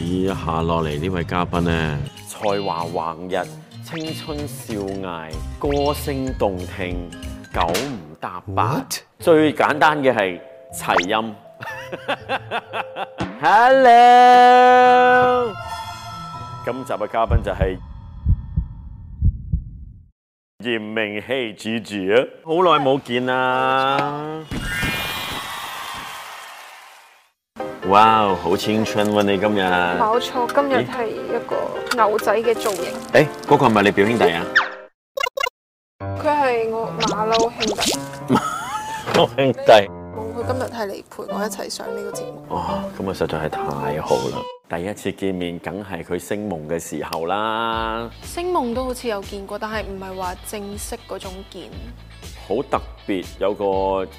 以下落嚟呢位嘉賓呢？才華橫溢，青春少艾、歌聲動聽、九唔搭八。What? 最簡單嘅係齊蔭。 Hello，今集嘅嘉賓就係炎明熹姐姐，好耐冇見啦。哇、wow，好青春喎、啊！你今日冇錯，今日係一個牛仔嘅造型。誒、欸，嗰、欸那個係咪你表兄弟啊？佢、欸、係我馬騮兄弟，我兄弟。佢、哦、今日係嚟陪我一齊上呢個節目。哦，今日實在係太好啦！第一次見面，梗係佢聲夢嘅時候啦。聲夢都好似有見過，但係唔係話正式嗰種見。好特別，有個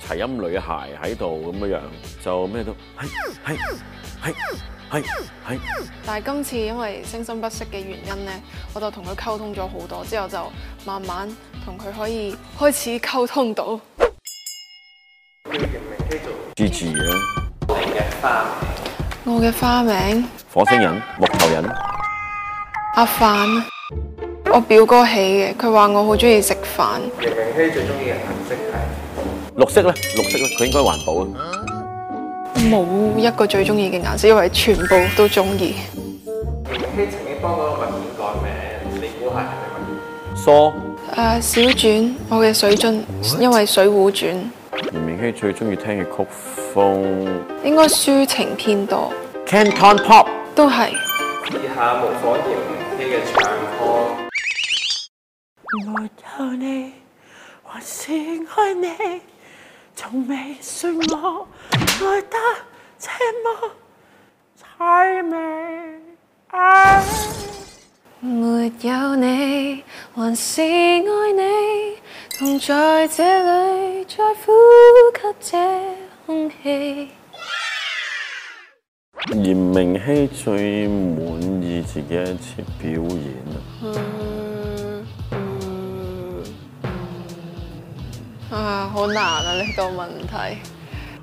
齊蔭女孩喺度咁樣樣，就咩都係係係係係。但係今次因為聲生不息嘅原因咧，我就同佢溝通咗好多，之後就慢慢同佢可以開始溝通到你名。Gigi 啊，我嘅花，我嘅花名，火星人木頭人阿凡。我表哥起嘅，佢話我好中意食飯。炎明熹最中意嘅顏色係綠色咧，綠色咧，佢應該環保啊。冇一個最中意嘅顏色，因為全部都中意。炎明熹曾經幫嗰個文件改名，你估係咩？梳《疏》。誒，《小説》我嘅水樽？因為水《水滸傳》。炎明熹最中意聽嘅曲風應該抒情偏多。Canton Pop。都係。以下模仿炎明熹嘅唱。沒有你，還是愛你，從未算我愛得這麼太美。沒有你，還是愛你，同在這裏再呼吸這空氣。炎明熹最滿意自己一次表演。嗯啊，好難啊！呢、這個問題，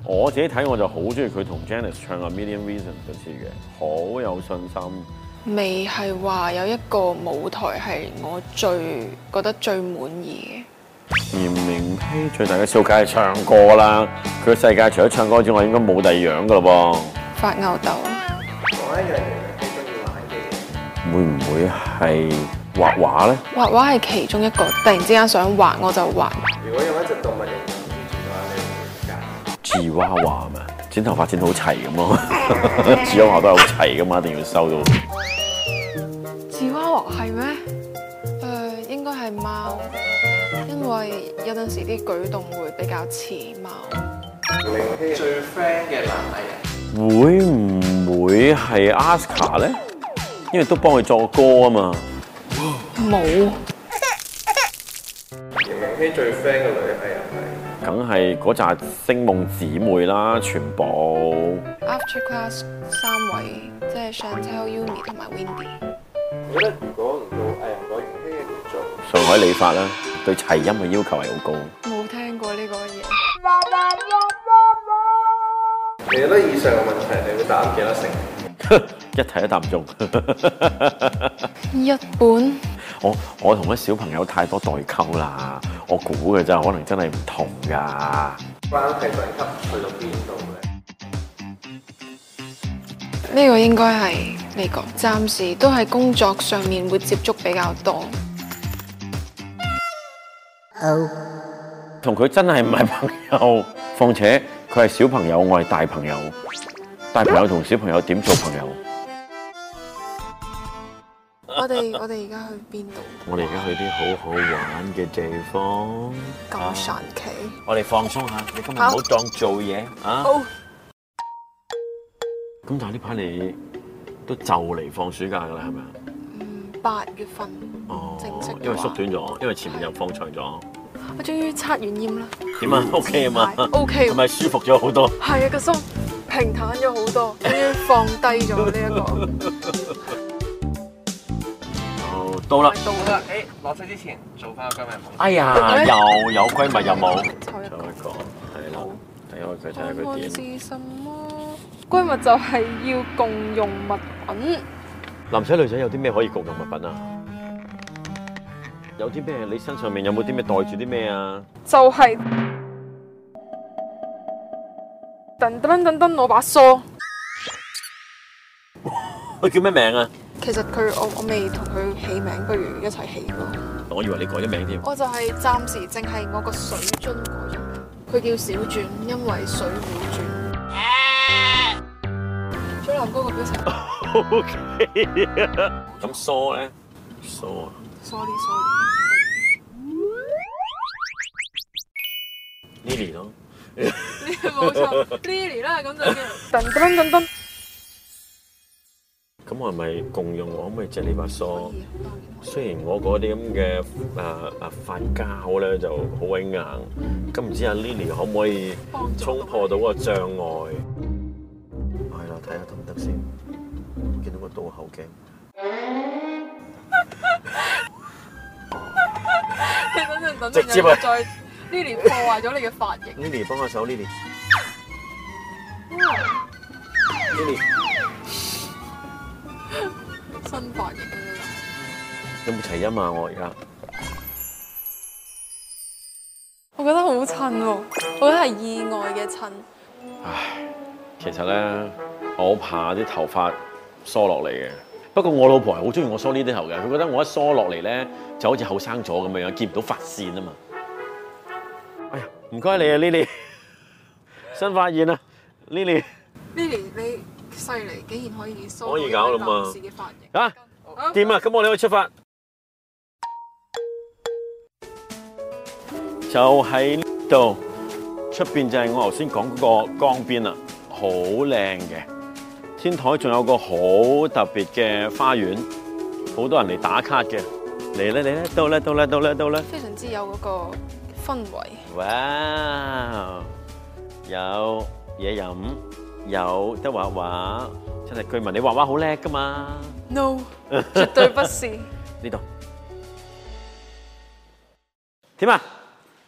我自己睇我就好中意佢同 Janice 唱《A Million Reasons》嗰次嘅，好有信心。未係話有一個舞台係我最覺得最滿意嘅。炎明熹最大嘅消解係唱歌啦，佢嘅世界除咗唱歌之外，應該冇第二樣噶咯噃。發吽哣。我一樣嘢好中意玩嘅，會唔會係畫畫咧？畫畫係其中一個，突然之間想畫我就畫。我有一隻動物嚟形容自畫咧，自畫，自畫畫嘛，剪頭髮剪好齊咁咯，自娃娃都係好齊噶嘛，一定要收到。字娃娃係咩？誒，應該係貓，因為有陣時啲舉動會比較似貓。最 friend 嘅男藝人會唔會係 Oscar 咧？因為都幫佢作歌啊嘛。冇。最 friend 嘅女藝人係，梗係嗰紮星夢姊妹啦，全部。After class 三位即係 Chantelle、Yumi 同埋 Windy。我覺得如果唔做藝人，我呢樣嘢要做。上海理髮啦，對齊蔭嘅要求係好高。冇聽過呢個嘢。你覺得以上嘅問題你會答幾多成？一題一啖中。一半。我我同啲小朋友太多代溝啦，我估嘅就可能真係唔同噶。關係代溝去到邊度咧？呢、這個應該係呢個，暫時都係工作上面會接觸比較多。同、oh。佢真係唔係朋友，況且佢係小朋友，我係大朋友。大朋友同小朋友點做朋友？我哋我哋而家去邊度？我哋而家去啲好好玩嘅地方。咁神奇！我哋放鬆下，唔好、啊、當做嘢啊。好、哦。咁但係呢排你都就嚟放暑假噶啦，係咪啊？嗯，八月份哦，正式。因為縮短咗，因為前面又放長咗。我終於擦完煙啦。點啊、嗯、？OK 啊嘛？OK, okay. okay。係咪舒服咗好多？係啊，個心平坦咗好多，終於放低咗呢一個。 到啦、哎，到啦！哎，落車之前做翻個閨蜜舞。哎呀，又有閨蜜任務。再一個，係啦，睇下佢，睇下佢點。為什麼閨蜜就係要共用物品？男仔女仔有啲咩可以共用物品啊？有啲咩？你身上面有冇啲咩袋住啲咩啊？就係、是、噔,噔,噔,噔,噔,噔噔噔噔，攞把梳。喂， 叫咩名啊？其實佢，我我未同佢起名，不如一齊起咯。我以為你改咗名添。我就係暫時淨係我個水樽改咗名，佢叫小轉，因為水會轉。祖藍哥個表情。O K。咁 so 咧？so 啊？sorry sorry。Lily 咯。冇錯，Lily 啦，咁就。咁我係咪共用？我可唔可以借你把梳、嗯嗯嗯？雖然我嗰啲咁嘅誒誒髮膠咧就好鬼硬，咁唔知阿 Lily 可唔可以衝破到個障礙？係啦，睇下得唔得先。看看行行見到個刀口鏡。 哦、等陣，等，等直接等、啊、再 Lily 破壞咗你嘅髮型。 Lily，幫我手，Lily。Lily。 新髮型的，有冇齊蔭啊？我而家，我覺得好襯喎，我覺得係意外嘅襯。唉，其實咧，我好怕啲頭髮梳落嚟嘅。不過我老婆係好中意我梳呢啲頭嘅，佢覺得我一梳落嚟咧，就好似後生咗咁樣樣，見唔到髮線啊嘛。哎呀，唔該你啊，Lily，新、嗯、髮型啊，Lily，Lily 你。犀利，竟然可以咁可以搞嘛！佢嘅髮型啊！掂啊，咁我哋可以出發。就喺呢度，出邊就係我頭先講嗰個江邊啦，好靚嘅。天台仲有個好特別嘅花園，好多人嚟打卡嘅。嚟咧嚟咧，到啦！到啦！到啦！到啦！非常之有嗰個氛圍。哇！有嘢飲。有得畫畫，真係據聞，你畫畫好叻㗎嘛？No，絕對不是呢度。點啊？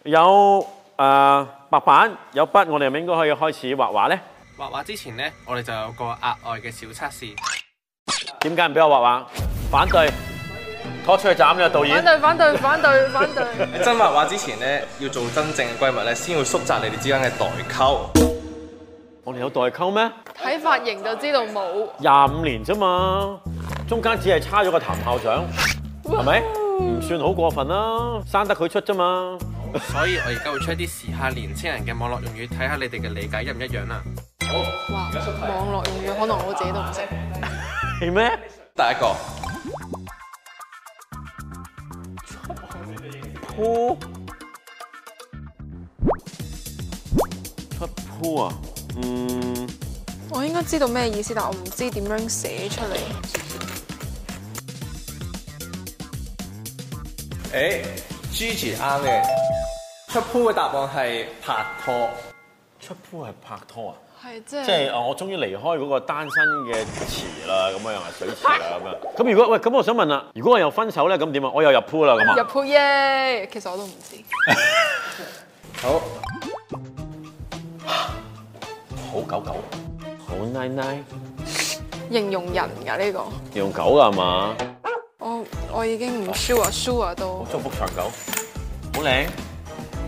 有誒白板，有筆，我哋咪應該可以開始畫畫咧？畫畫之前咧，我哋就有個額外嘅小測試。點解唔俾我畫畫？反對，拖出去斬咗，導演。反對，反對，反對，反對。真畫畫之前咧，要做真正嘅閨蜜咧，先會縮窄你哋之間嘅代溝。我哋有代溝咩？睇髮型就知道冇。廿五年啫嘛，中間只係差咗個譚校長，係咪？唔算好過分啦，生得佢出啫嘛。所以我而家會出啲時下年青人嘅網絡用語，睇下你哋嘅理解一唔一樣啦。哦、哇！網絡用語可能我自己都唔識，係、啊、咩？第一個，出 pool，出 pool 啊！嗯，我應該知道咩意思，但我唔知點樣寫出嚟。誒，Gigi 啱嘅，出 pool 嘅答案係拍拖。出 pool 係拍拖啊？係即係，即係啊！我終於離開嗰個單身嘅池啦，咁啊又係水池啦咁啊。咁如果喂咁，我想問啦，如果我又分手咧，咁點啊？我又入 pool 啦，咁啊？入 pool 耶！Yeah! 其實我都唔知。 okay. 好。好狗，狗，好奶奶，形容人㗎呢個，形容狗㗎係嘛？我我已經唔 sure 啊，sure 都好，祝福長久，好靚，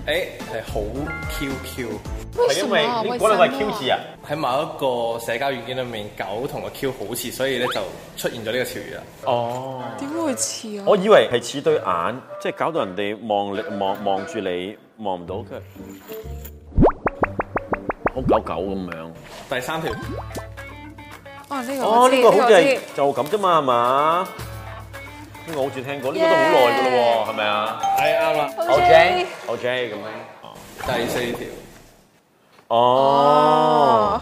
誒，係好 QQ，係因為呢嗰兩個係 Q 字啊，喺某一個社交軟件裏面，狗同個 Q 好似，所以咧就出現咗呢個潮語啦。哦，點會似啊？我以為係似對眼，即係搞到人哋望你望望住你，望唔到佢。嗯九九咁樣，第三條哦呢個哦呢個好似係就咁啫嘛係嘛？呢個好似聽過呢個都好耐㗎喇喎係咪啊？係啱啦，OK OK 咁樣，第四條哦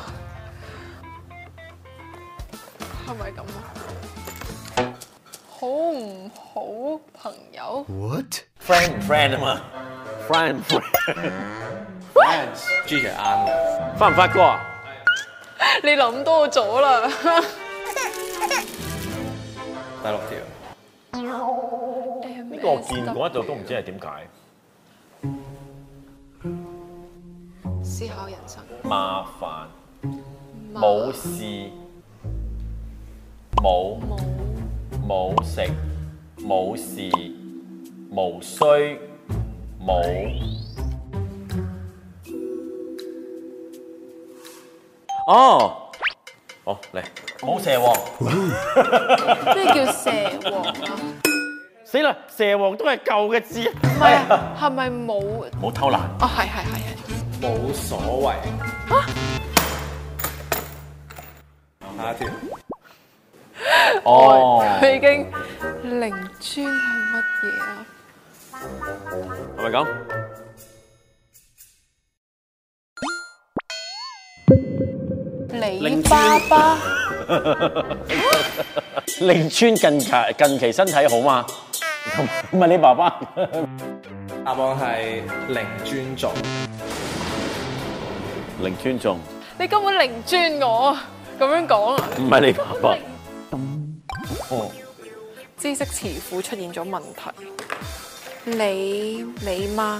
係咪咁啊？好唔好朋友？What friend friend 啊嘛 friend friend G 字眼，發唔發覺啊？啊你諗多咗啦， 第六條。呢、no, 個我見嗰一度都唔知係點解。思考人生。麻煩。冇事。冇。冇食。冇事。冇需。冇。哦，好嚟，冇蛇王。即係 咩 叫蛇王啊？ 死啦，蛇王都係舊嘅字。不是啊？唔係啊，係咪冇？冇偷懶。啊，係係係係。冇所謂。吓？下一條。哦、oh.，佢已經靈尊係乜嘢啊？係咪噉。你爸爸，令尊近期 近期身體好嗎？唔係你爸爸，答案係零尊重，零尊重，你根本零尊我，咁樣講啊？唔係、啊、你爸爸，哦、知識詞庫出現咗問題，你你媽，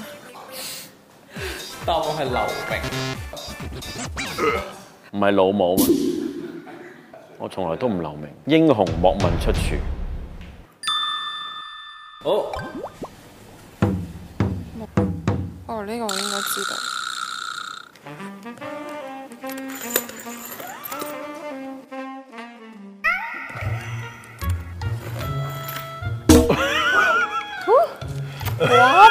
答案係劉明。 唔係老母，我從來都唔留名，英雄莫問出處。好，哦，呢個我應該知道。哇，哇，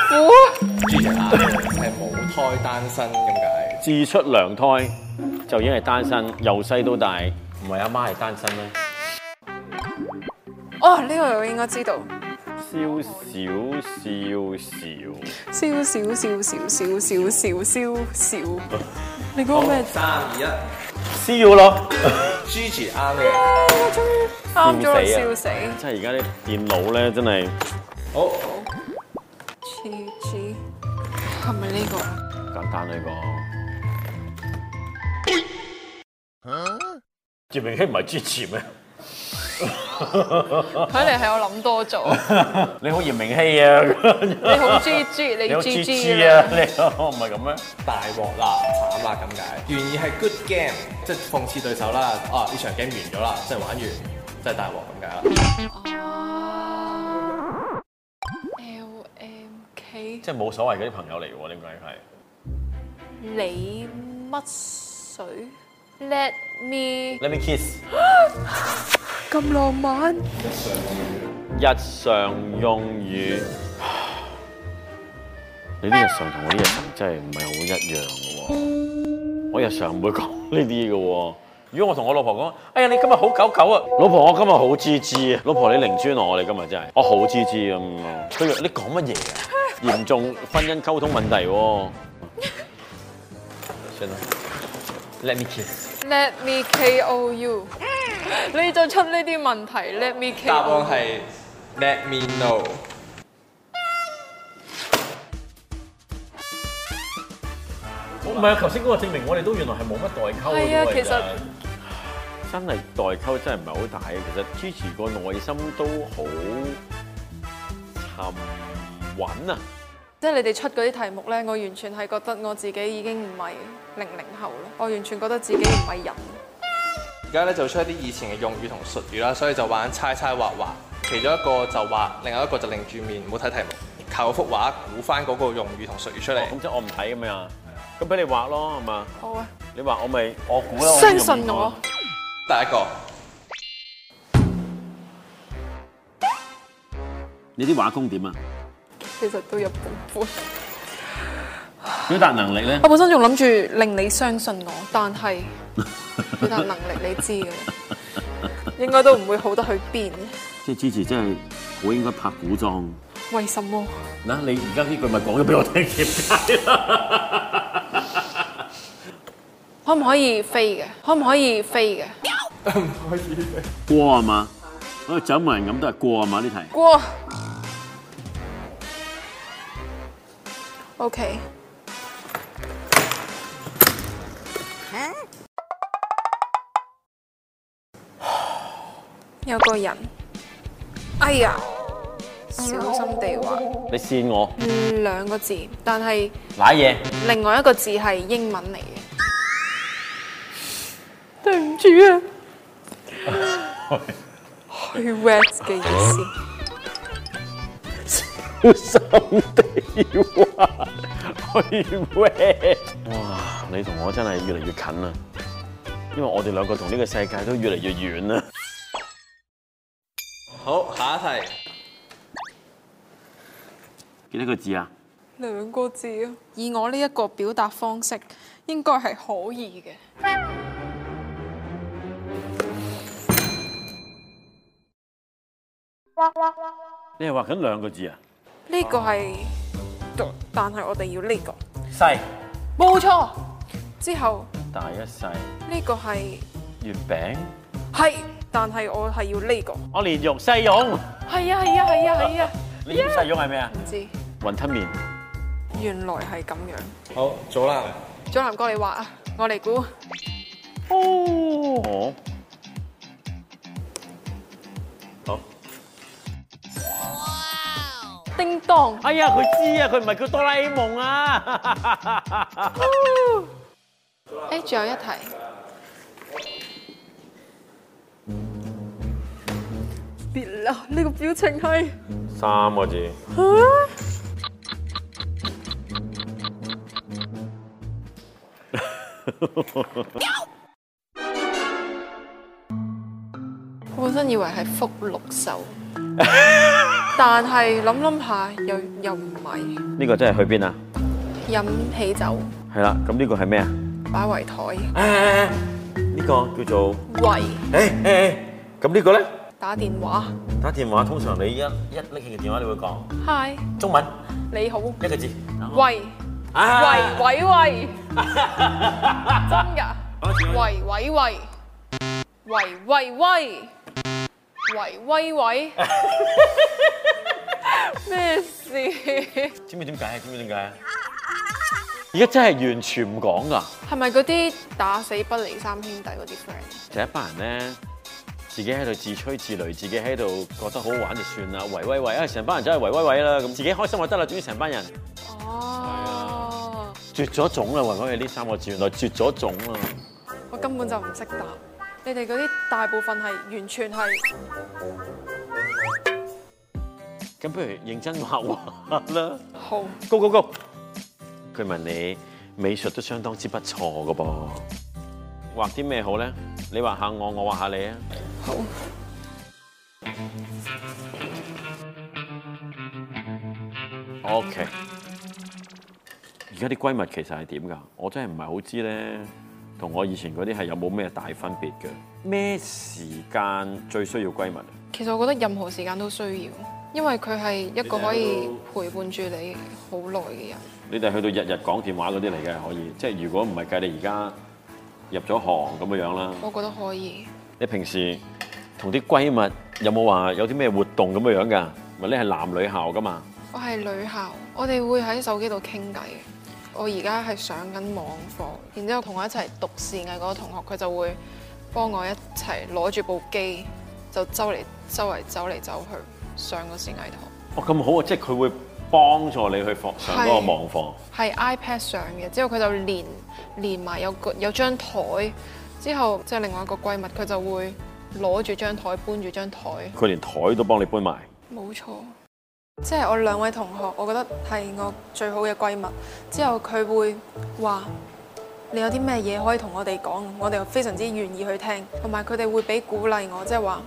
主持人係母胎單身咁解，自出娘胎。就已經係單身，由細到大，唔係阿媽係單身咩？哦，呢、呢個我應該知道。少少少少少少少少少，你估咩？三二一，笑咯！Gigi 啱嘅，啱咗， 笑死！即係而家啲電腦咧，真係好。Gigi，係咪呢個？簡單呢個。啊！炎明熹唔係 G G 咩？睇嚟係我諗多咗。你好炎明熹啊！你好 G G，你好 G G 啊 樣！你唔係咁咩？大鑊啦，慘啦，咁解？原意係 good game，即係諷刺對手啦。啊，呢場 game 完咗啦，即係玩完，真 uh, L-M-K? 即係大鑊咁解啦。L M K，即係冇所謂嗰啲朋友嚟，點解係？你乜水？Let me let me kiss。咁 浪漫。日常用語，日常用語。你啲日常同我啲日常真係唔係好一樣嘅喎、嗯。我日常唔會講呢啲嘅喎。如果我同我老婆講，哎呀你今日好狗狗啊，老婆我今日好滋滋啊，老婆你靈專我，你今日真係我好滋滋咁啊。不如你講乜嘢啊？嚴 重婚姻溝通問題。 算啦。Let me kiss. Let me k o you. 你就出呢啲問題，Let me k you. 答案係 Let me know。我唔係啊，頭先嗰個證明，我哋都原來係冇乜代溝嘅、係啊，其實、啊、真係代溝真係唔係好大嘅。其實支持 Gigi 個內心都好沉穩啊。即係你哋出嗰啲題目咧，我完全係覺得我自己已經唔係。零零後咯，我完全覺得自己唔係人。而家咧做出一啲以前嘅用語同術語啦，所以就玩猜猜畫畫。其中一個就畫，另外一個就擰住面，唔好睇題目，靠幅畫估翻嗰個用語同術語出嚟。咁、哦、即我唔睇咁樣啊？咁俾你畫咯，係嘛？好啊，你畫我咪我估咯。相信我。第一個，你啲畫功點啊？其實都有一半。表達能力咧，我本身仲諗住令你相信我，但係表達能力你知嘅， 應該都唔會好得去邊。即係支持，真係我應該拍古裝。為什麼？嗱、啊，你而家呢句咪講咗俾我聽點解？ 可唔可以飛嘅？可唔可以飛嘅？唔可以飛。過啊嘛，我哋走埋人咁都係過啊嘛呢題。過。O、啊、K。Okay. 有個人，哎呀，小心地滑。你扇我。嗯，兩個字，但係。瀨嘢。另外一個字係英文嚟嘅。對唔住啊。去 wet 嘅意思？小心地滑。去 wet？哇，你同我真係越嚟越近啦，因為我哋兩個同呢個世界都越嚟越遠啦。好，下一題，幾多個字啊？兩個字啊。以我呢一個表達方式，應該係可以嘅。你係畫緊兩個字啊？呢、這個係、啊，但係我哋要呢、這個細，冇錯。之後大一細，呢、這個係月餅，係。但係我係要呢個，我蓮肉細蓉，係啊係啊係啊係啊，蓮肉細蓉係咩啊？唔知雲吞麵，原來係咁樣。好，祖藍，祖藍哥你畫啊，我嚟估。哦，好，叮當，哎呀佢知啊，佢唔係叫哆啦 A 夢啊。哎，仲有一題。別喇！呢個表情係三個字。我本身以為係福祿壽，但係諗諗下又又唔係。呢個真係去邊啊？飲喜酒。係啦，咁呢個係咩啊？擺圍台。誒誒誒，呢個叫做圍。誒誒誒，咁呢個咧？打電話，打電話通常你一一拎起個電話你會講，Hi，中文，你好，一個字，喂，喂喂喂，真噶，喂喂喂，喂喂喂，喂喂喂，咩事？知唔知點解？知唔知點解？而家真係完全唔講噶，係咪嗰啲打死不離三兄弟嗰啲 friend？就一班人咧。自己喺度自吹自擂，自己喺度覺得好玩就算啦。維維維，啊成班人走去維維維啦咁，自己開心就得啦。終於成班人，哦、啊，絕咗種啦！維維維呢三個字原來絕咗種啊！我根本就唔識答，你哋嗰啲大部分係完全係。咁不如認真畫畫啦！好，Go Go Go。據聞你，美術都相當之不錯㗎噃，畫啲咩好咧？你畫下我，我畫下你啊！好 OK 而家啲閨蜜其實係點噶？我真係唔係好知咧，同我以前嗰啲係有冇咩大分別嘅？咩時間最需要閨蜜？其實我覺得任何時間都需要，因為佢係一個可以陪伴住你好耐嘅人。Hello. 你哋去到日日講電話嗰啲嚟嘅可以，即係如果唔係計你而家入咗行咁嘅樣啦。我覺得可以。你平時？同啲閨蜜有冇話有啲咩活動咁樣樣㗎？唔係你係男女校㗎嘛？我係女校，我哋會喺手機度傾偈。我而家係上緊網課，然之後同我一齊讀視藝嗰個同學，佢就會幫我一齊攞住部機，就周嚟周圍走嚟走去上個視藝堂。哦，咁好啊！即係佢會幫助你去上嗰個網課。係 iPad 上嘅，之後佢就連連埋有個有張枱，之後即係另外一個閨蜜，佢就會。攞住張台，搬住張台，佢連台都幫你搬埋。冇錯，即係我兩位同學，我覺得係我最好嘅閨蜜。之後佢會話你有啲咩嘢可以同我哋講，我哋非常之願意去聽，同埋佢哋會俾鼓勵我，即係話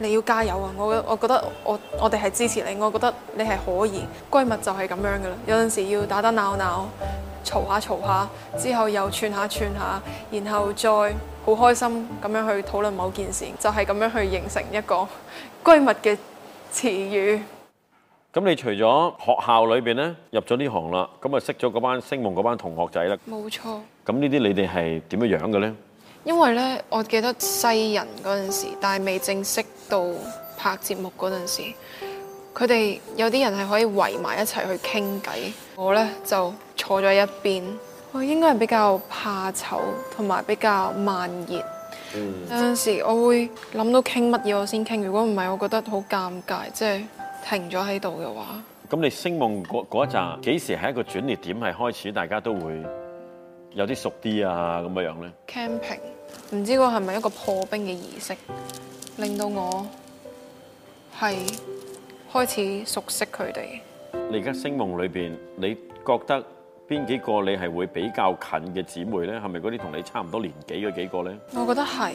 你要加油啊！我我覺得我我哋係支持你，我覺得你係可以。閨蜜就係咁樣噶啦，有陣時要打打鬧鬧。嘈下嘈下，之後又串下串下，然後再好開心咁樣去討論某件事，就係咁樣去形成一個閨蜜嘅詞語。咁你除咗學校裏邊呢，入咗呢行啦，咁啊識咗嗰班聲夢嗰班同學仔啦。冇錯。咁呢啲你哋係點樣樣嘅呢？因為呢，我記得西人嗰陣時，但係未正式到拍節目嗰陣時，佢哋有啲人係可以圍埋一齊去傾偈，我呢，就坐咗一邊，我應該係比較怕醜，同埋比較慢熱。有、嗯、陣時我會諗到傾乜嘢，我先傾。如果唔係，我覺得好尷尬，即係停咗喺度嘅話。咁你聲夢嗰一陣幾時係一個轉捩點，係開始大家都會有啲熟啲啊咁嘅樣咧？camping 唔知個係咪一個破冰嘅儀式，令到我係開始熟悉佢哋。你而家聲夢裏邊，你覺得？邊幾個你係會比較近嘅姊妹呢？係咪嗰啲同你差唔多年紀嗰幾個呢？我覺得係，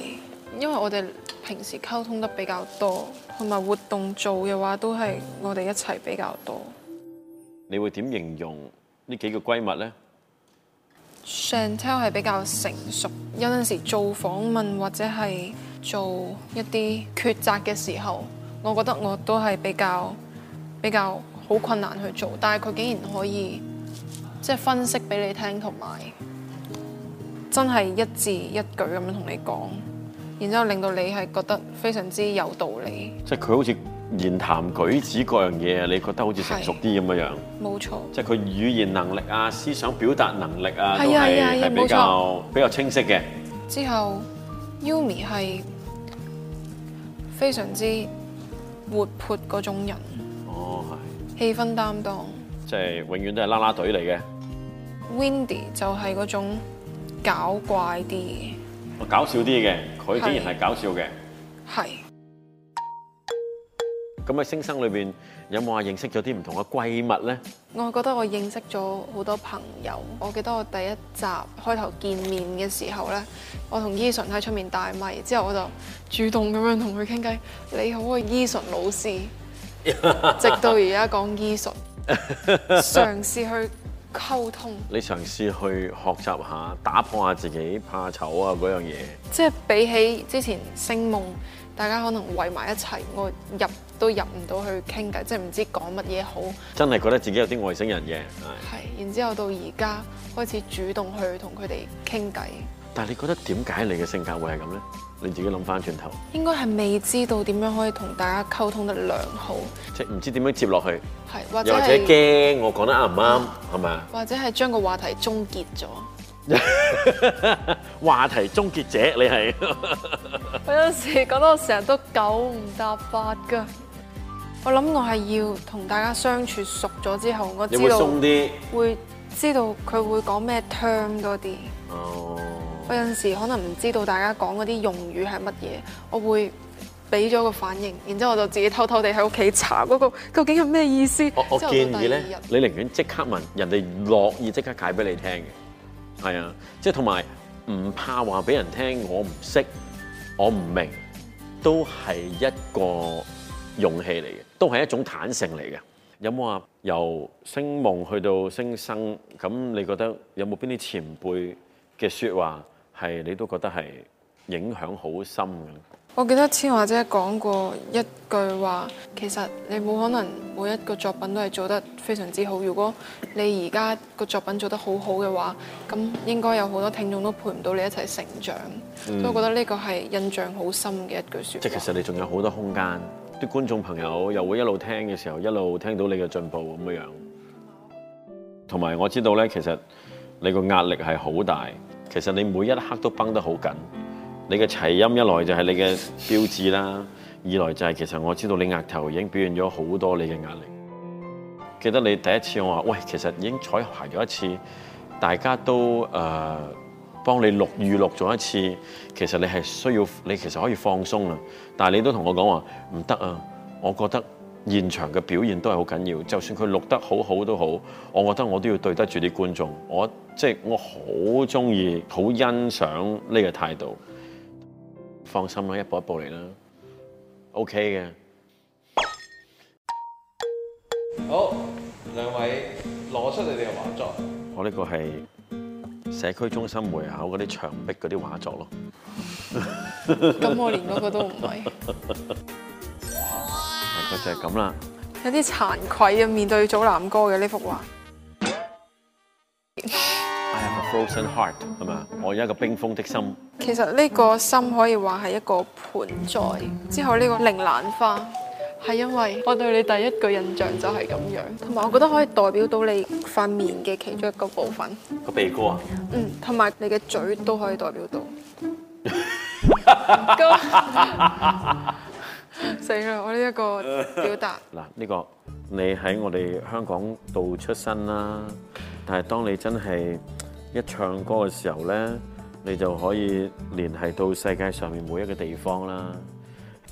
因為我哋平時溝通得比較多，同埋活動做嘅話都係我哋一齊比較多。你會點形容呢幾個閨蜜呢？Chantel 係比較成熟，有陣時候做訪問或者係做一啲抉擇嘅時候，我覺得我都係比較比較好困難去做，但係佢竟然可以。即、就、係、是、分析俾你聽，同埋真係一字一句咁樣同你講，然之後令到你係覺得非常之有道理。即係佢好似言談舉止各樣嘢，你覺得好似成熟啲咁嘅樣。冇錯。即係佢語言能力啊、思想表達能力啊，都係係比較比較清晰嘅。之後，Yumi 係非常之活潑嗰種人。哦，係。氣氛擔當。即、就、係、是、永遠都係啦啦隊嚟嘅。Windy 就係嗰種搞怪啲我搞笑啲嘅，佢，嗯、竟然係搞笑嘅。係。咁喺聲夢裏邊有冇話認識咗啲唔同嘅閨蜜咧？我覺得我認識咗好多朋友。我記得我第一集開頭見面嘅時候咧，我同 Eason 喺出面大咪，之後我就主動咁樣同佢傾偈。你好啊，Eason 老師。直到而家講 Eason，嘗試去，溝通，你嘗試去學習下，打破下自己怕醜啊嗰樣嘢。即係比起之前聲夢，大家可能圍埋一齊，我入都入唔到去傾偈，即係唔知講乜嘢好。真係覺得自己有啲外星人嘅。係，然之後到而家開始主動去同佢哋傾偈。但係你覺得點解你嘅性格會係咁呢？你自己諗翻轉頭，應該係未知道點樣可以同大家溝通得良好，即係唔知點樣接落去，係又或者驚我講得啱唔啱，係咪啊？或者係將個話題終結咗， 話題終結者你係， 我有時覺得我成日都九唔搭八㗎，我諗我係要同大家相處熟咗之後，我知道會鬆啲，會知道佢會講咩 term 多啲。哦。我有陣時可能唔知道大家講嗰啲用語係乜嘢，我會俾咗個反應，然之後我就自己偷偷地喺屋企查嗰個，個究竟係咩意思。我我建議咧，你寧願即刻問人哋樂意即刻解俾你聽嘅，係啊，即係同埋唔怕話俾人聽我唔識，我唔明，都係一個勇氣嚟嘅，都係一種坦誠嚟嘅。有冇話由聲夢去到聲生咁？你覺得有冇邊啲前輩嘅説話？係你都覺得係影響好深嘅，嗯。我記得千嬅姐講過一句話，其實你冇可能每一個作品都係做得非常之好。如果你而家個作品做得好好嘅話，咁應該有好多聽眾都陪唔到你一齊成長。所以我覺得呢個係印象好深嘅一句説話。即其實你仲有好多空間，啲觀眾朋友又會一路聽嘅時候，一路聽到你嘅進步咁嘅樣。同埋我知道呢，其實你個壓力係好大。其實你每一刻都繃得好緊，你嘅齊蔭一來就係你嘅標誌啦，二來就係其實我知道你額頭已經表現咗好多你嘅壓力。記得你第一次我話喂，其實已經彩排咗一次，大家都誒幫、呃、你錄、預錄咗一次，其實你係需要你其實可以放鬆啦，但係你都同我講話唔得啊，我覺得。現場嘅表現都係好緊要，就算佢錄得好好都好，我覺得我都要對得住啲觀眾。我即係、就是、我好中意、好欣賞呢個態度。放心啦，一步一步嚟啦，OK 嘅。好，兩位攞出你哋嘅畫作。我呢個係社區中心門口嗰啲牆壁嗰啲畫作咯。咁 我連嗰個都唔係。大概就係咁啦，有啲慚愧啊，面對祖藍哥嘅呢幅畫。I have a frozen heart，係咪啊？我有一個冰封的心。其實呢個心可以話係一個盆栽，之後呢個鈴蘭花係因為我對你第一句印象就係咁樣，同埋我覺得可以代表到你塊面嘅其中一個部分，個鼻哥啊？嗯，同埋你嘅嘴都可以代表到。 死啦！我呢一個表達嗱，呢個你喺我哋香港度出身啦，但係當你真係一唱歌嘅時候咧，你就可以聯繫到世界上面每一個地方啦。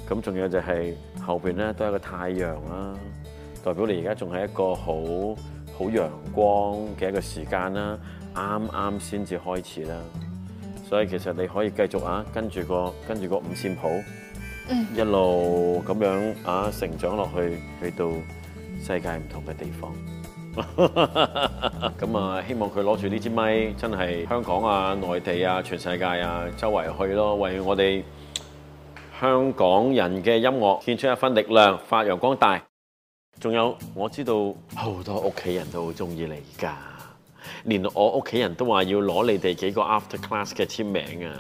咁仲有就係後邊咧都係個太陽啦，代表你而家仲係一個好好陽光嘅一個時間啦，啱啱先至開始啦。所以其實你可以繼續啊、那個，跟住個跟住個五線譜一路咁樣啊，成長落去，去到世界唔同嘅地方。咁啊，希望佢攞住呢支咪，真係香港啊、內地啊、全世界啊，周圍去咯，為我哋香港人嘅音樂獻出一份力量，發揚光大。仲有，我知道好多屋企人都好中意你噶，連我屋企人都話要攞你哋幾個 After Class 嘅簽名啊。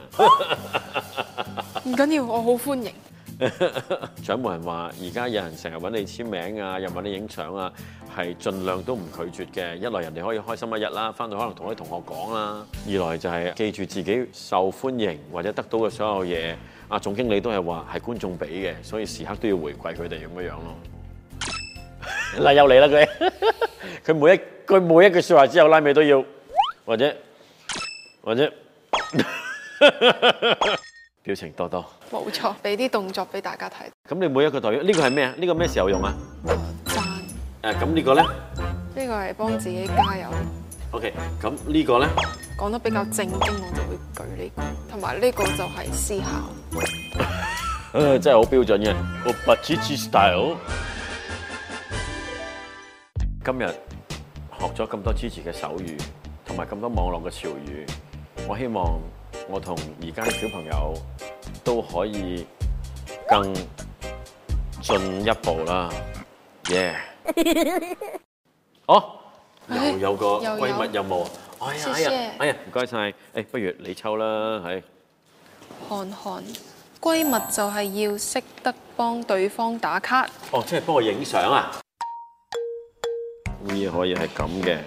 唔緊要，我好歡迎。掌門人話：而家有人成日揾你簽名啊，又揾你影相啊，係盡量都唔拒絕嘅。一來人哋可以開心一日啦，翻到可能同啲同學講啦；二來就係記住自己受歡迎或者得到嘅所有嘢。阿總經理都係話係觀眾俾嘅，所以時刻都要回饋佢哋咁嘅樣咯。嚟又嚟啦佢，佢每一句每一句説話之後拉尾都要，或者或者。表情多多，冇錯，俾啲動作俾大家睇。咁你每一個代表呢、這個係咩啊？呢、這個咩時候用啊？讚。誒、啊，咁呢、這個咧？呢個係幫自己加油。OK，咁呢個咧？講得比較正經，我就會舉呢、這個。同埋呢個就係思考。誒， 真係好標準嘅，我 Gigi style。今日學咗咁多 Gigi 嘅手語，同埋咁多網絡嘅潮語，我希望。我同而家啲小朋友都可以更進一步啦，yeah！哦，又有個閨蜜任務，哎呀，哎呀，唔該晒，誒，不如你抽啦，係。韓寒，閨蜜就係要識得幫對方打卡。哦，即係幫我影相啊？V 可以係咁嘅，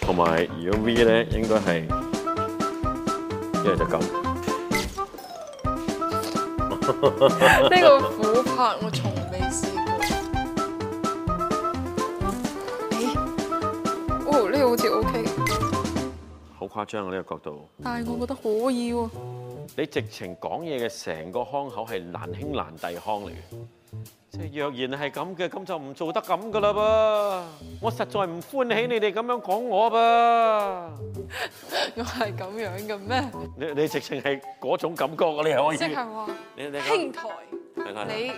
同埋如果 V 咧，應該係。呢 個俯拍我從未試過。哎、哦，呢個好似 OK。好誇張啊！呢個角度。但係我覺得可以喎、啊。你直情講嘢嘅成個腔口係難兄難弟腔嚟嘅。即係若然係咁嘅，咁就唔做得咁噶啦噃！我實在唔歡喜你哋咁樣講我噃。我係咁樣嘅咩？你你直情係嗰種感覺，你係可以。即係話，兄台，你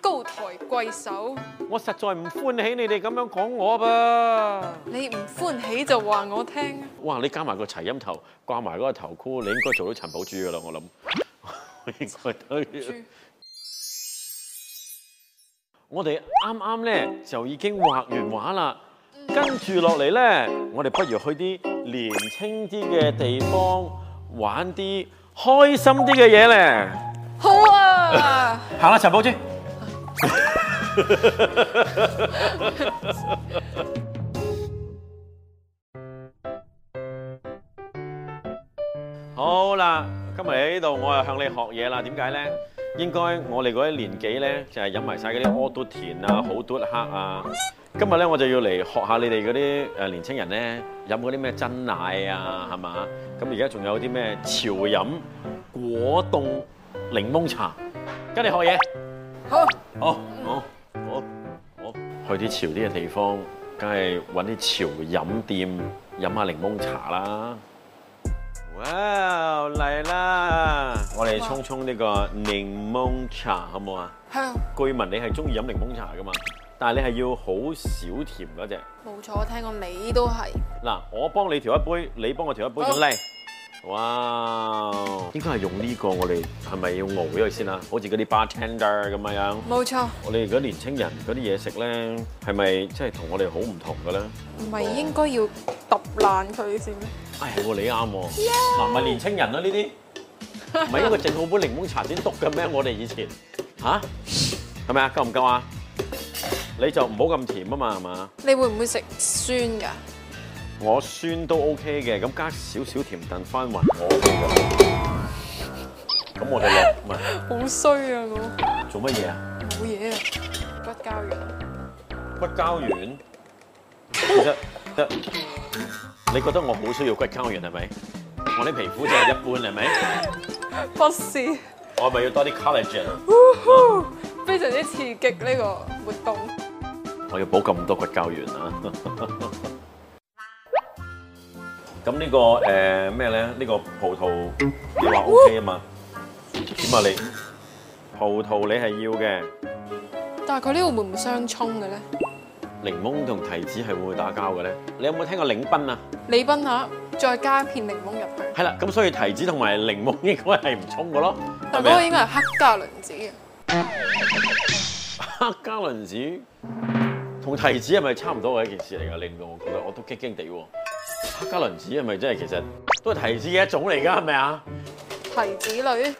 高抬貴手。我實在唔歡喜你哋咁樣講我噃。你唔歡喜就話我聽。哇！你加埋個齊蔭頭，掛埋嗰個頭箍，你應該做到陳寶珠噶啦！我諗，我應該都要。我哋啱啱咧就已經畫完畫啦，跟住落嚟咧，我哋不如去啲年輕啲嘅地方玩啲開心啲嘅嘢咧。好啊，啊，行啦，陳寶珠。 好啦，今日喺呢度，我又向你學嘢啦。點解咧？應該我哋嗰啲年紀咧，就係飲埋晒嗰啲屙多甜啊、好多黑啊。今日咧我就要嚟學下你哋嗰啲誒年青人咧飲嗰啲咩珍奶啊，係嘛？咁而家仲有啲咩潮飲，果凍檸檬茶，跟住學嘢。好，好，好，好。去啲潮啲嘅地方，梗係搵啲潮飲店飲下檸檬茶啦。哇、wow！嚟、啊、啦！我哋沖沖呢個檸檬茶好唔好啊？吓。據聞你係中意飲檸檬茶噶嘛？但係你係要好少甜嗰隻。冇錯，我聽過你都係。嗱，我幫你調一杯，你幫我調一杯，好唔、wow, 好咧？哇！應該係用呢個，我哋係咪要熬畀佢先啊？好似嗰啲 bartender 咁樣樣。冇錯。我哋而家年青人嗰啲嘢食咧，係咪真係同我哋好唔同噶咧？唔係應該要揼爛佢先哎，你啱，嗱，唔係年青人咯呢啲，唔係應該整好杯檸檬茶先篤嘅咩？我哋以前，嚇，係咪啊？夠唔夠啊？你就唔好咁甜啊嘛，係嘛？你會唔會食酸㗎？我酸都 OK 嘅，咁加少少甜得返勻，我嘅咁我哋落唔係。好衰啊我！做乜嘢啊？冇嘢啊，骨膠原。骨膠原，其實得。你覺得我好需要骨膠原係咪？我啲皮膚就係一般係咪？博士，我係咪要多啲 collagen。 非常之刺激呢、這個活動。我要補咁多骨膠原啊！咁、 這個呃、呢個誒咩咧？呢、這個葡萄你話 OK 啊嘛？咁啊你葡萄你係要嘅。但係佢呢度會唔相衝嘅咧？檸檬同提子係會唔會打交嘅咧？你有冇聽過檸賓啊？檸賓嚇，再加片檸檬入去。係啦，咁所以提子同埋檸檬應該係唔衝嘅咯。嗰個應該係黑加侖子。是是黑加侖子同提子係咪差唔多嘅一件事嚟㗎？令到我，我覺得我都驚驚地喎。黑加侖子係咪真係其實都係提子嘅一種嚟㗎？係咪啊？提子女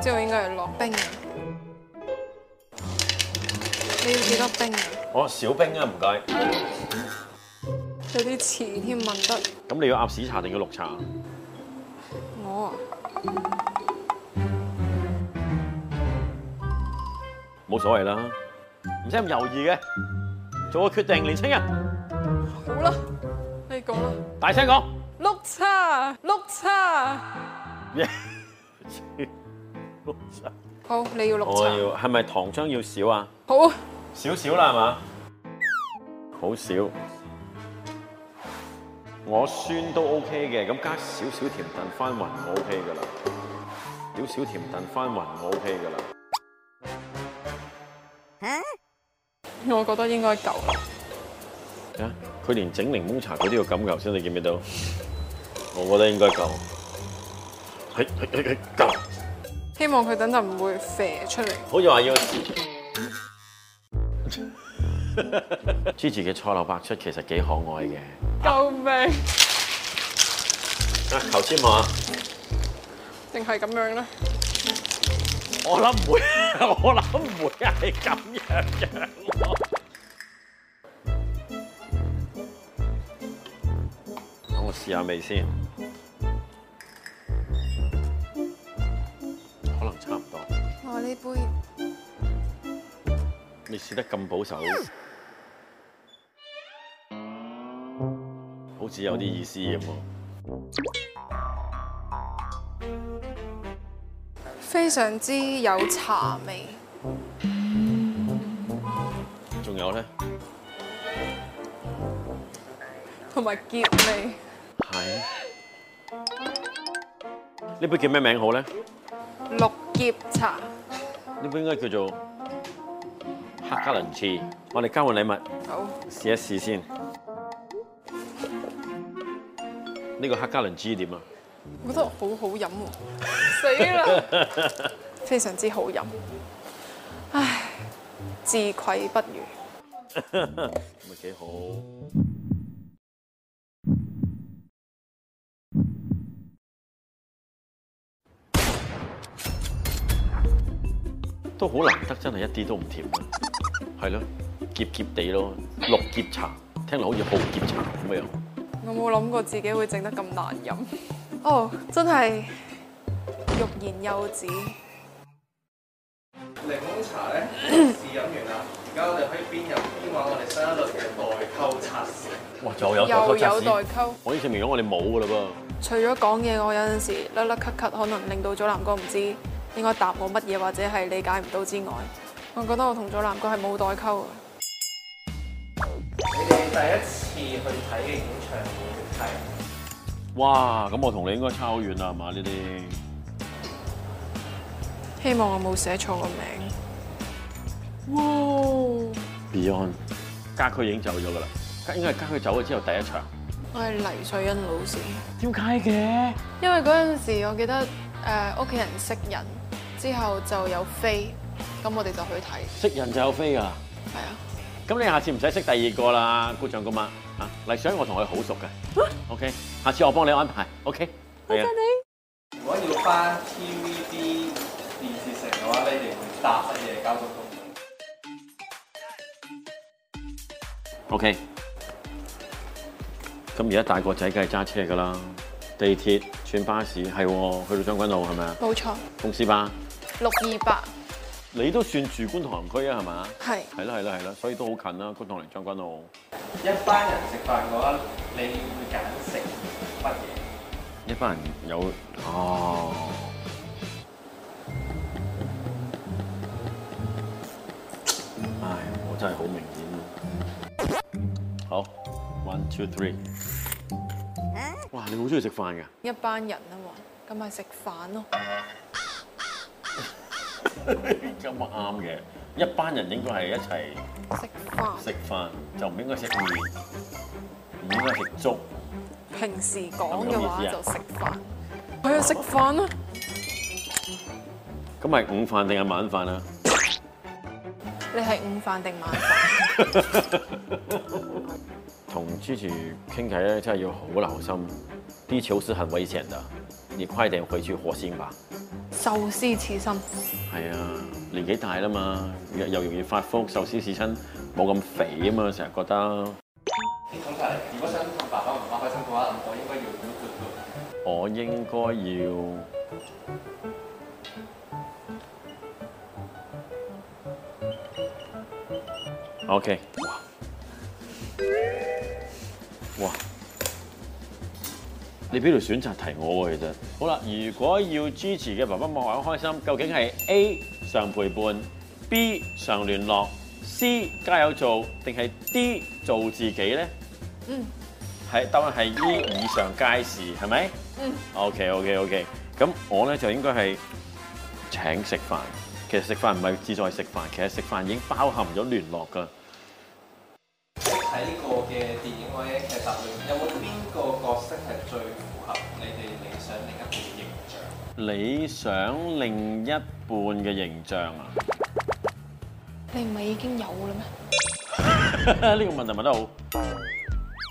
之後 應該係落冰。你要幾多冰啊？我、oh, 少冰啊，唔該。 有啲遲添，問得。咁你要鴨屎茶定要綠茶？我啊，冇、嗯、所謂啦，唔使咁猶豫嘅，做個決定，年青人。好啦，你講啦。大聲講。綠茶，綠茶。耶、yeah. 綠茶。好，你要綠茶。我要係咪糖漿要少啊？好。少少啦，係嘛？好少，我酸都 OK 嘅，咁加少少甜燉翻勻我 OK 噶啦，少少甜燉翻勻我 OK 噶啦。我覺得應該夠。佢連整檸檬茶佢都要感受先，你見唔見到？我覺得應該夠。係係係，夠。希望佢等陣唔會肥出嚟。好似話要。Gigi 嘅錯漏百出，其實幾可愛嘅。救命！啊，頭先嘛！定係咁樣咧？我諗唔會，我諗唔會係咁樣嘅。等我試下味先，可能差唔多。我呢杯你試得咁保守。好似有啲意思咁，嗯、非常之有茶味，仲、嗯、有咧，同埋葉味，係呢、啊、 杯叫咩名好咧？綠葉茶，呢杯應該叫做黑加侖次。啊、我哋交換禮物，好，試一試先。呢、這個黑加侖芝 u 啊？我覺得很好好飲喎， 死啦了！ 非常之好飲，唉，自愧不如。唔係幾好，都好難得真的，真係一啲都唔甜啊！係咯，澀澀地咯，綠澀茶，聽落好似好澀茶咁樣。有冇諗過自己會整得咁難飲？哦、oh，真係欲言又止。檸檬茶咧試飲完啦，而家我哋可以邊飲邊玩我哋新一輪嘅代溝測試。哇有，又有代溝測試。我以前如果我哋冇噶啦噃。除咗講嘢，我有陣時甩甩咳咳，可能令到祖藍哥唔知應該答我乜嘢，或者係理解唔到之外，我覺得我同祖藍哥係冇代溝嘅。你哋第一次去睇嘅演唱會睇。哇，咁我同你應該差好遠啊，係嘛呢啲？希望我冇寫錯個名字哇。哇！Beyond，家駒已經走咗㗎啦，應該係家駒走咗之後第一場。我係黎瑞恩老師。點解嘅？因為嗰陣時我記得誒屋企人識人，之後就有飛，咁我哋就去睇。識人就有飛㗎？係啊。咁你下次唔使識第二個啦，姑丈姑媽㗎嘛，嚟、啊、所以我同佢好熟嘅、啊，OK，下次我幫你安排，OK，多謝，謝你。我、okay. okay. 要翻 TVB 電視城嘅話，你哋一定搭乜嘢交通工具 o k 咁而家大個仔梗係揸車噶啦，地鐵轉巴士，係、哦、去到將軍澳係咪啊？冇錯。公司吧？六二八。你都算住觀塘區啊，係咪？係。係啦，係啦，係啦，所以都好近啦、啊，觀塘連將軍澳。一班人食飯嘅話，你會揀食乜嘢？一班人有哦。唉、哎，我真係好明顯。好，one two three、嗯。哇，你好中意食飯㗎？一班人啊嘛，咁咪食飯咯。嗯咁啊啱嘅，一班人應該係一齊食飯，食飯就唔應該食麵，唔應該食粥。平時講嘅話就食飯，係要食飯啦。咁係午飯定係晚飯啊？你係午飯定晚飯？同 Gigi 傾偈咧， 真係要好留心。地球是很危險的。你快定佢去火星吧。壽司刺身。係啊，年紀大啦嘛，又容易發福。壽司刺身冇咁肥啊嘛，成日覺得。我想嚟，如果想同爸爸開心嘅話，我應該要。我應該要。OK。哇。哇。你邊度選擇題我喎？其實好啦，如果要支持嘅爸爸媽媽開心，究竟係 A 常陪伴，B 常聯絡，C 加油做，定係 D 做自己咧？嗯，係答案係 E 以上皆是，係咪？嗯。OK OK OK，咁我咧就應該係請食飯。其實食飯唔係志在食飯，其實食飯已經包含咗聯絡㗎。你睇過嘅電影或者劇集裏面有冇？理想另一半嘅形象啊？你唔係已經有啦咩？呢個問題問得好，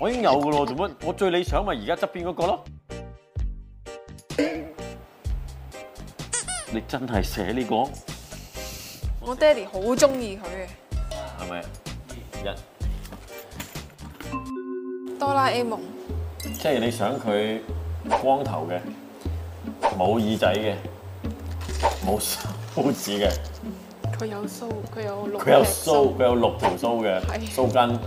我已經有噶咯，做乜？我最理想咪而家側邊嗰個咯。你真係寫呢個？我爹哋好中意佢嘅。係咪？一。多啦 A 夢。即係你想佢光頭嘅？冇耳仔嘅，冇手指嘅。佢有鬚，佢有六。佢有鬚，佢有六條鬚嘅鬚根。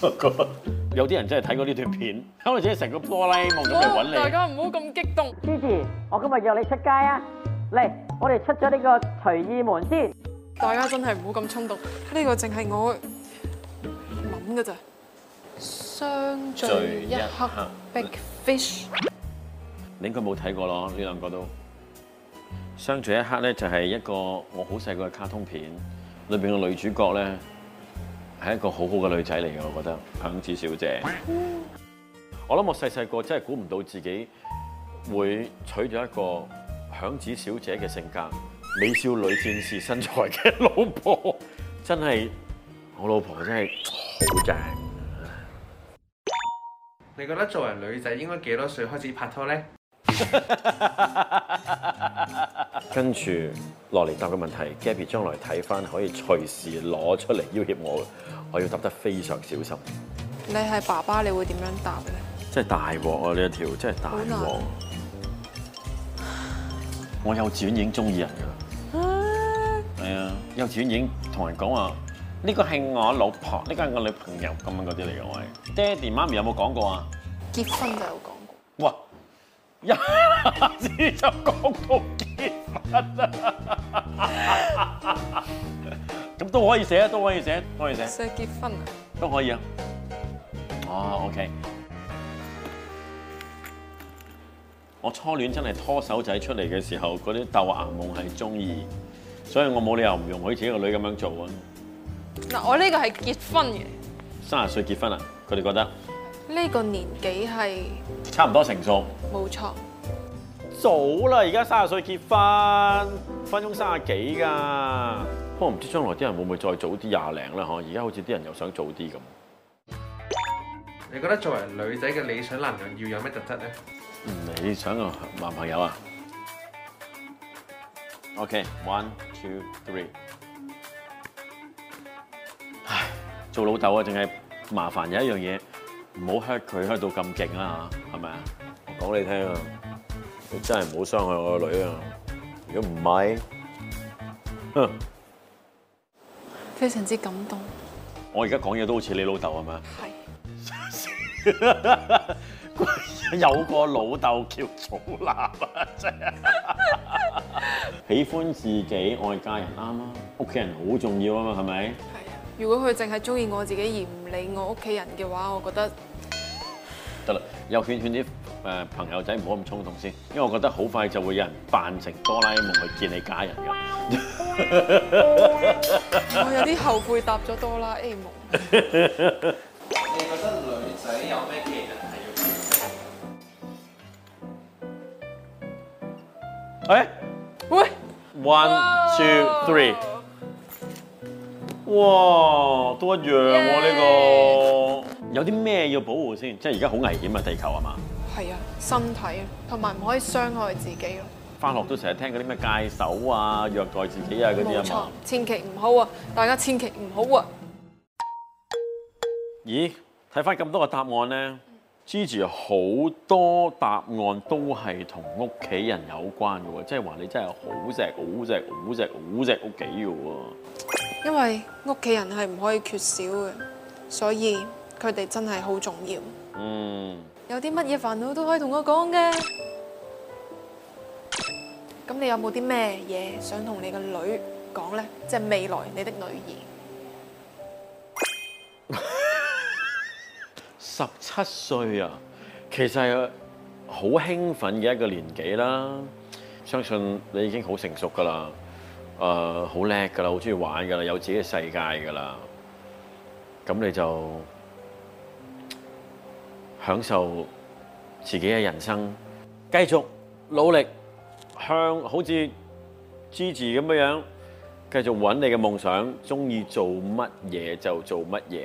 有啲人真係睇過呢段片，好似成個哆啦 A 夢咁嚟揾你。大家唔好咁激動，Gigi，我今日約你出街啊！嚟，我哋出咗呢個隨意門先。大家真係唔好咁衝動，呢、這個淨係我諗㗎咋。相聚一刻 ，Big Fish。你應該冇睇過咯，呢兩個都相聚一刻咧，就係、是、一個我好細個嘅卡通片，裏邊嘅女主角咧係一個很好好嘅女仔嚟嘅，我覺得響子小姐。嗯、我諗我細細個真係估唔到自己會娶咗一個響子小姐嘅性格、美少女戰士身材嘅老婆，真係我老婆真係好正。你覺得作為女仔應該幾多歲開始拍拖咧？跟住落嚟答嘅問題 Gabby 將來睇翻可以隨時攞出嚟要挾我，我要答得非常小心。你係爸爸，你會點樣答咧？即係大鑊啊！呢一條真係大鑊。我幼稚園已經中意人噶啦。係啊，幼稚園已經同人講話呢個係我老婆，呢個係我女朋友咁樣嗰啲嚟嘅。喂，爹哋媽咪有冇講過啊？結婚就有講過。哇！一下子就講到結婚啦，咁都可以寫，都可以寫，都可以寫。寫結婚啊？都可以啊。哦、啊嗯，OK。我初戀真係拖手仔出嚟嘅時候，嗰啲豆芽夢係鍾意，所以我冇理由唔容許自己個女咁樣做啊。嗱，我呢個係結婚嘅。卅歲結婚啦，佢哋覺得。呢個年紀係差唔多成熟錯了，冇錯。早啦，而家三十歲結婚，分鐘三十幾噶。不過唔知將來啲人會唔會再早啲廿零咧？嗬，而家好似啲人又想早啲咁。你覺得作為女仔嘅理想男人要有咩特質咧？理想嘅男朋友啊，OK，one two three。唉，做老豆啊，淨係麻煩有一樣嘢。唔好 hit 佢 hit 到咁勁啦嚇，係咪啊？我講你聽啊，你真係唔好傷害我個女啊！如果唔係，非常之感動我現在爸爸。我而家講嘢都好似你老豆係咪啊？係。 有個老豆叫祖藍啊！真係 喜歡自己愛家人啱啊！屋企人好重要啊嘛，係咪？係啊！如果佢淨係中意我自己而唔理我屋企人嘅話，我覺得。又勸勸啲誒朋友仔唔好咁衝動先，因為我覺得好快就會有人扮成哆啦 A 夢去見你家人㗎。我 有啲後背搭咗哆啦 A 夢。 你覺得女仔有咩技能係要練？哎、欸，喂，one two three，哇，都一樣喎呢個。有啲咩要保護先？即係而家好危險啊！地球啊嘛，係啊，身體啊，同埋唔可以傷害自己咯。翻學都成日聽嗰啲咩戒手啊、虐待自己啊嗰啲啊嘛。冇錯，千祈唔好啊！大家千祈唔好啊！咦？睇翻咁多個答案咧，Gigi，好多答案都係同屋企人有關嘅喎，即係話你真係好錫好錫好錫好錫屋企嘅喎。因為屋企人係唔可以缺少嘅，所以。佢哋真係好重要。嗯，有啲乜嘢煩惱都可以同我講嘅。咁你有冇啲咩嘢想同你嘅女講呢？即係未來你的女兒。十 七歲啊，其實好興奮嘅一個年紀啦。相信你已經好成熟噶啦，誒、呃，好叻噶啦，好中意玩噶啦，有自己嘅世界噶啦。咁你就～享受自己嘅人生，繼續努力向好似 Gigi 咁嘅樣，繼續揾你嘅夢想，中意做乜嘢就做乜嘢。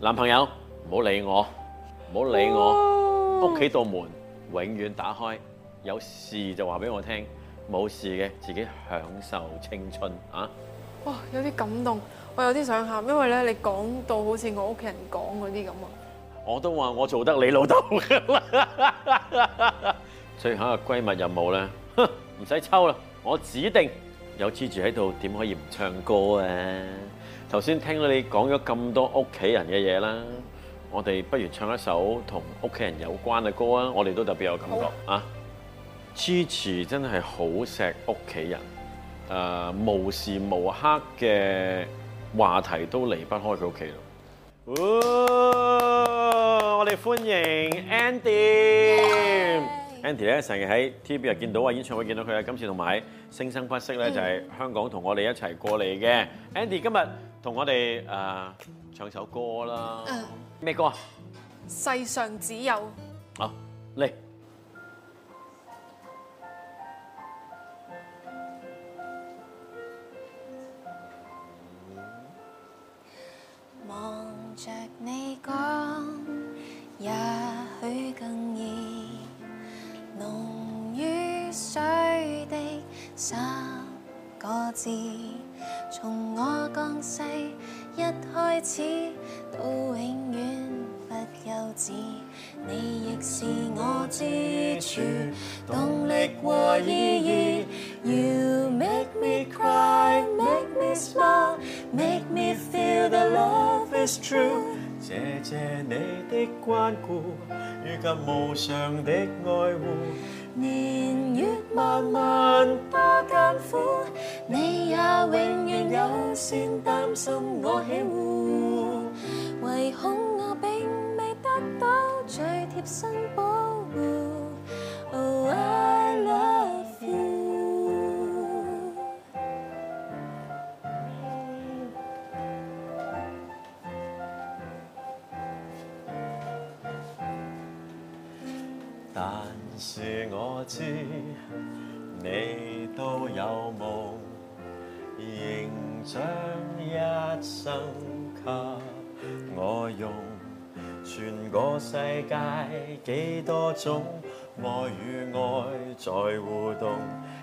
男朋友唔好理我，唔好理我，屋企度門永遠打開，有事就話俾我聽，冇事嘅自己享受青春啊！哇，有啲感動，我有啲想喊，因為咧你講到好似我屋企人講嗰啲咁啊。我都話我做得你老豆 最後嘅閨蜜任務咧，唔使抽啦，我指定有 Gigi 喺度，點可以唔唱歌啊？頭先聽到你講咗咁多屋企人嘅嘢啦，嗯、我哋不如唱一首同屋企人有關嘅歌啊！我哋都特別有感覺啊，啊！Gigi 真係好錫屋企人，誒、呃，無時無刻嘅話題都離不開佢屋企咯。哇！我哋歡迎 Andy。Andy 咧成日喺 TV 又見到啊，演唱會見到佢啦。今次同埋喺《聲生不息》咧就係香港同我哋一齊過嚟嘅 Andy。今日同我哋誒唱首歌啦。嗯，咩歌啊？世上只有好嚟。望。着你講，也許更易濃於水的三個字，從我降世一開始，到永遠不休止，你亦是我支柱，動力和意義。You make me cry, make me smile, make me. 是多謝你的關顧，與及無償的愛護。年月漫漫多艱苦，你也永遠有心擔心我起戶，唯恐我並未得到最貼身寶。是我知，你都有夢，仍將一生給我用。全個世界幾多種愛與愛在互動。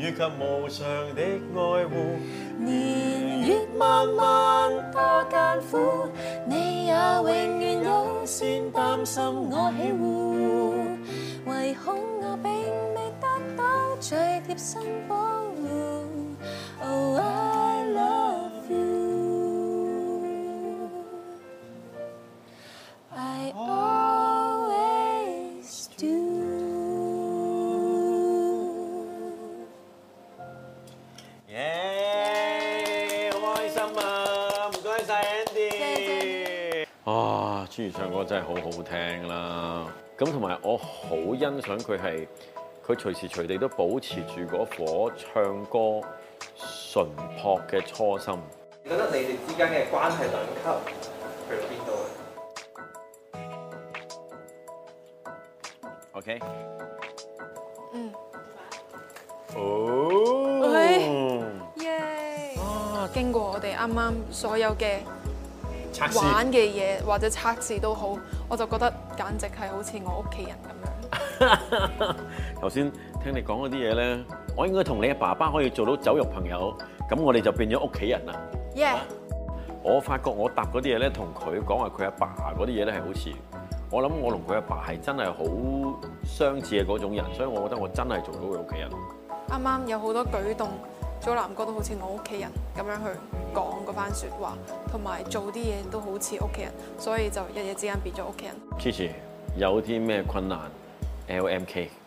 以及無常的愛護，年月漫漫多艱苦，你也永遠優先擔心我起霧，唯恐我並未得到最貼身保護。佢唱歌真係好好聽啦！咁同埋我好欣賞佢係，佢隨時隨地都保持住嗰顆唱歌純朴嘅初心。你覺得你哋之間嘅關係等級去到邊度啊？OK。嗯、oh okay. Yeah. 啊。哦。誒。Yeah. 經過我哋啱啱所有嘅。玩嘅嘢或者測試都好，我就覺得簡直係好似我屋企人咁樣。頭 先聽你講嗰啲嘢咧，我應該同你爸爸可以做到酒肉朋友，咁我哋就變咗屋企人啦。y、yeah. 我發覺我答嗰啲嘢咧，同佢講話佢阿爸嗰啲嘢咧係好似，我諗我同佢阿爸係真係好相似嘅嗰種人，所以我覺得我真係做到佢屋企人。啱啱有好多舉動，祖藍哥都好似我屋企人咁樣去。講嗰番説話，同埋做啲嘢都好似屋企人，所以就一日之間變咗屋企人。Gigi 有啲咩困難？L M K。LMK